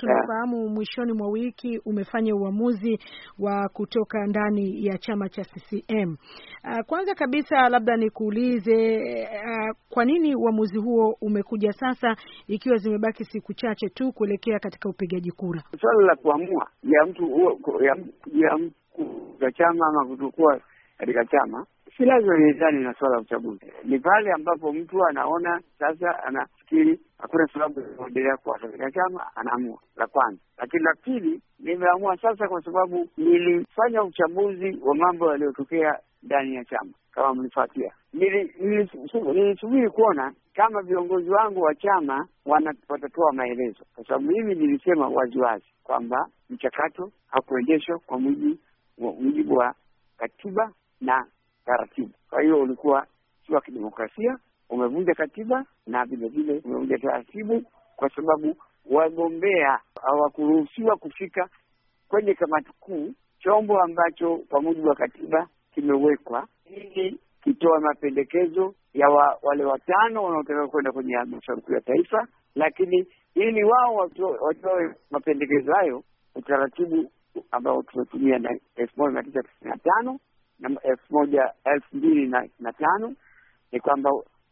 tunafahamu mwishoni mwa wiki umefanya uamuzi wa kutoka ndani ya chama cha CCM. Ah, kwanza kabisa, labda nikuulize ah, kwa nini uamuzi huo umekuja sasa ikiwa zimebaki siku chache tu kuelekea katika upigaji kura? Swala la kuamua ya mtu ya, ya, ya, ya chama ama kutokuwa katika chama, si lazima niendani na suala la uchaguzi. Ni pale ambapo mtu anaona sasa, anafikiri hakuna sababu ya kuendelea kuwa katika chama, anaamua. La kwanza. Lakini la pili, nimeamua sasa kwa sababu nilifanya uchambuzi wa mambo yaliyotokea ndani ya chama. Kama mlifuatia, nilisubiri kuona kama viongozi wangu wa chama watatoa maelezo, kwa sababu mimi nilisema waziwazi kwamba mchakato hakuendeshwa kwa mujibu wa katiba na taratibu. Kwa hiyo ulikuwa si wa kidemokrasia, umevunja katiba na vilevile umevunja taratibu, kwa sababu wagombea hawakuruhusiwa kufika kwenye kamati kuu, chombo ambacho kwa mujibu wa katiba kimewekwa ili kitoa mapendekezo ya wa, wale watano wanaotaka kwenda kwenye halmashauri kuu ya taifa, lakini ili wao watoe mapendekezo hayo, utaratibu ambao tumetumia na elfu moja mia tisa tisini na tano na elfu moja elfu mbili na, na tano ni kwamba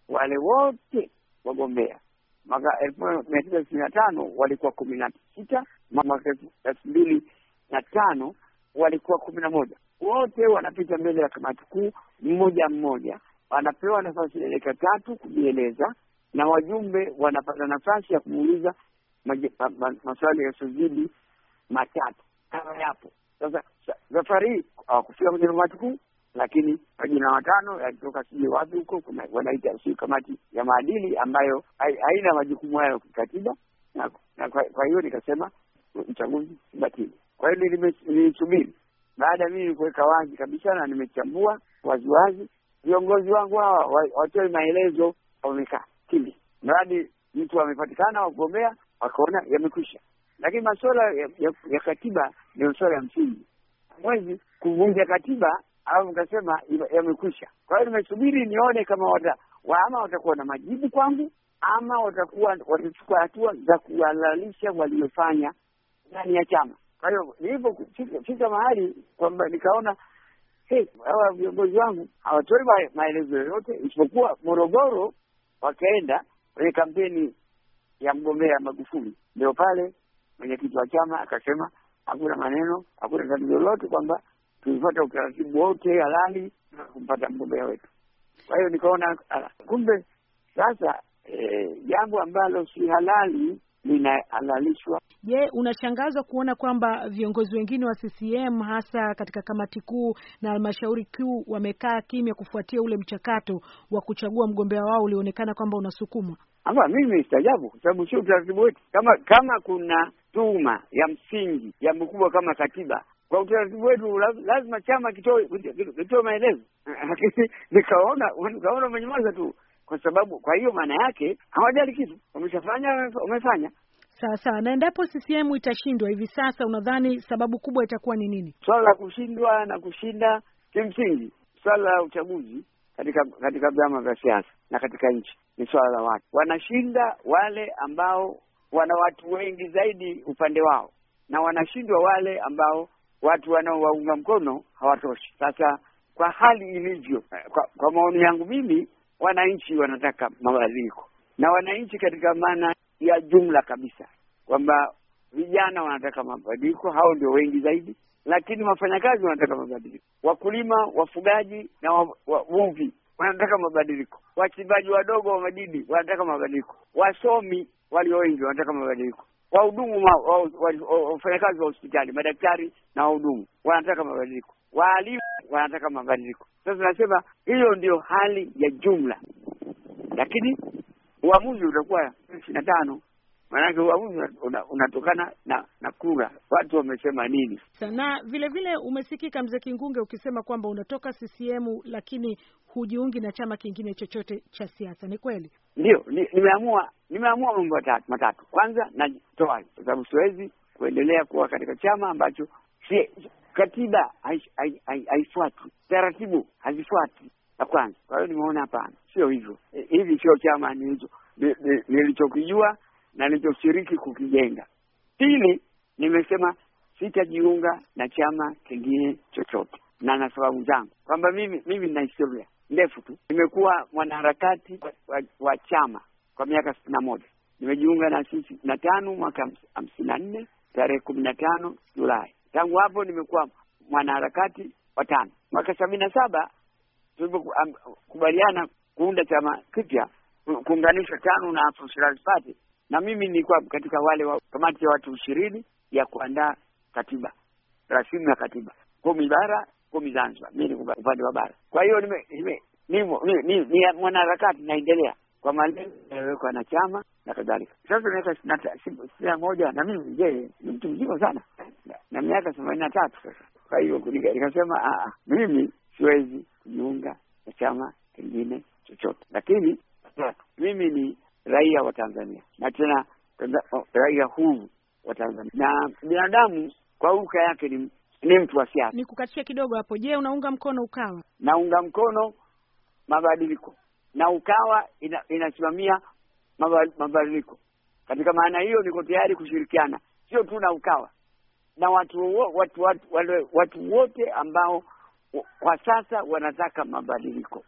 wale wote wagombea mwaka elfu moja mia tisa sitini na tano walikuwa kumi na sita mwaka elfu mbili na tano walikuwa kumi na moja wote wanapita mbele ya kamati kuu mmoja mmoja wanapewa nafasi ya dakika tatu kujieleza na wajumbe wanapata nafasi ya kumuuliza maswali sujidi matatu kama yapo sasa safari hii uh, hawakufika kwenye kamati kuu, lakini majina watano yalitoka sijui wapi huko, wanaita sijui kamati ya maadili ambayo haina majukumu hayo kikatiba, na, na kwa, kwa hiyo nikasema uchaguzi si batili. Kwa hiyo nilisubiri baada ya mimi kuweka wazi kabisa na nimechambua waziwazi, viongozi wangu hawa watoe maelezo, wamekaa kimya, mradi mtu amepatikana wakugombea, wakaona yamekwisha. Lakini masuala ya, ya, ya katiba ni masuala ya msingi mwezi kuvunja katiba, alafu mkasema yamekwisha. Kwa hiyo nimesubiri nione kama wata, wa ama watakuwa na majibu kwangu ama watakuwa watachukua hatua za kuhalalisha waliofanya ndani ya chama. Kwa hiyo nilipofika mahali kwamba nikaona hey, hawa viongozi wangu hawatoi maelezo yoyote isipokuwa Morogoro wakaenda kwenye kampeni ya mgombea Magufuli, ndio pale mwenyekiti wa chama akasema hakuna maneno, hakuna tatizo lolote kwamba tulipata utaratibu wote halali na kumpata mgombea wetu. Kwa hiyo nikaona ah, kumbe sasa eh, jambo e, ambalo si halali linahalalishwa. Je, unashangazwa kuona kwamba viongozi wengine wa CCM hasa katika kamati kuu na halmashauri kuu wamekaa kimya kufuatia ule mchakato wa kuchagua mgombea wao ulionekana kwamba unasukumwa? Ama mimi sitajabu, kwa sababu sio utaratibu wetu. Kama kama kuna tuma ya msingi ya mkubwa kama katiba. Kwa utaratibu wetu lazima chama kitoe kitoe maelezo, eh, lakini nikaona nikaona mwenyewaza tu, kwa sababu kwa hiyo maana yake hawajali kitu, wameshafanya wamefanya. sawa sawa na endapo CCM itashindwa hivi sasa, unadhani sababu kubwa itakuwa ni nini? Swala la kushindwa na kushinda, kimsingi swala la uchaguzi katika katika vyama vya siasa na katika nchi ni swala la watu, wanashinda wale ambao wana watu wengi zaidi upande wao, na wanashindwa wale ambao watu wanaowaunga mkono hawatoshi. Sasa kwa hali ilivyo, eh, kwa, kwa maoni yangu mimi, wananchi wanataka mabadiliko, na wananchi katika maana ya jumla kabisa kwamba vijana wanataka mabadiliko, hao ndio wengi zaidi, lakini wafanyakazi wanataka mabadiliko, wakulima, wafugaji na wavuvi wanataka mabadiliko, wachimbaji wadogo wa madini wanataka mabadiliko, wasomi walio wengi wanataka mabadiliko. Wahudumu, wafanyakazi wa hospitali, madaktari na wahudumu wanataka mabadiliko, waalimu wanataka mabadiliko. Sasa nasema hiyo ndio hali ya jumla, lakini uamuzi utakuwa ishirini na tano maanake uamuzi unatokana una na na kura, watu wamesema nini. Sana vile vile umesikika mzee Kingunge ukisema kwamba unatoka CCM lakini hujiungi na chama kingine chochote cha siasa. Ni kweli? Ndio, nimeamua nimeamua mambo matatu. Kwanza najitoa, kwa sababu siwezi kuendelea kuwa katika chama ambacho si katiba haifuatwi, taratibu hazifuati la kwanza. Kwa hiyo nimeona hapana, sio hivyo, hivi sio chama nilichokijua na nilichoshiriki kukijenga. Pili, nimesema sitajiunga na chama kingine chochote na na sababu zangu kwamba mimi mimi na historia ndefu tu. Nimekuwa mwanaharakati wa, wa, wa chama kwa miaka sitini na moja. Nimejiunga na sisi na tano mwaka hamsini na nne tarehe kumi na tano Julai. Tangu hapo nimekuwa mwanaharakati wa tano. Mwaka sabini na saba tulipokubaliana kuunda chama kipya kuunganisha tano na Afro Shirazi Party na mimi nilikuwa katika wale wa kamati ya watu ishirini ya kuandaa katiba rasimu ya katiba, kumi bara, kumi Zanzibar, mimi niko upande wa bara. Kwa hiyo nime, nime, nimo, ni, ni mwanaharakati naendelea kwa malengo yanayowekwa na chama na kadhalika. Sasa miaka sitini na moja na mimi je, ni mtu mzima sana na miaka themanini na tatu sasa. Kwa hiyo nikasema ah, ah, mimi siwezi kujiunga na chama kingine chochote, lakini mimi ni raia wa Tanzania na tena oh, raia huu wa Tanzania na binadamu kwa uka yake ni, ni mtu wa siasa. Ni kukatisha kidogo hapo. Je, unaunga mkono Ukawa? Naunga mkono mabadiliko na Ukawa ina, inasimamia mabadiliko. Katika maana hiyo, niko tayari kushirikiana sio tu na Ukawa na watu watu watu wote ambao kwa sasa wanataka mabadiliko.